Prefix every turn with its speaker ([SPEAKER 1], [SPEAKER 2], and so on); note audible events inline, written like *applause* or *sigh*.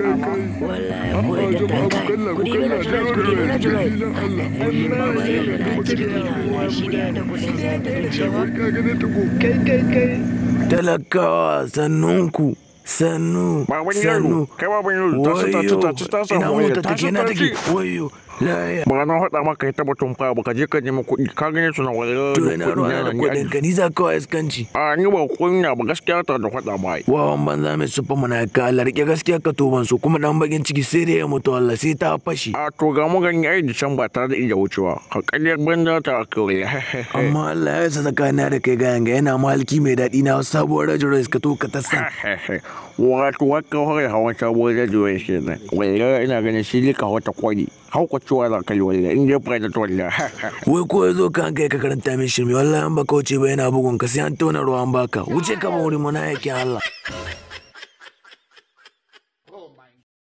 [SPEAKER 1] kai kai wallahi da da
[SPEAKER 2] talakawa sannunku sannu sannu wayo ina wuta take ina take
[SPEAKER 3] wayo ba na faɗa maka ita batun fa ba ka je ka nemi kuɗi ka gane su na wala to ina ruwa da kuɗin ka ni za ka wa iskanci a ni ba kunya ba gaskiya ta da faɗa ba
[SPEAKER 4] wawan banza mai sufa mana ka larke gaskiya ka toban su kuma dan bakin ciki sai da ya mutu Allah sai ta
[SPEAKER 5] fashi a to ga mu gani ai da can ba tare da iya wucewa ka ƙaryar banza ta kawai *laughs*
[SPEAKER 6] amma Allah ya sa tsakanin da kai gayan ga yana maliki mai daɗi na sabuwar rajoyes ka to ka ta san *laughs*
[SPEAKER 7] wato wakka hore hawan sabuwar rajoyes kenan wai ina ganin shi lika wata kwari hau cewa za ka yi walla in je da wai
[SPEAKER 4] ko ya zo ka an kai ka karanta min shirme wallahi an ba wuce ba yana bugun ka sai an tona ruwan baka wuce ka wuri mana yakin Allah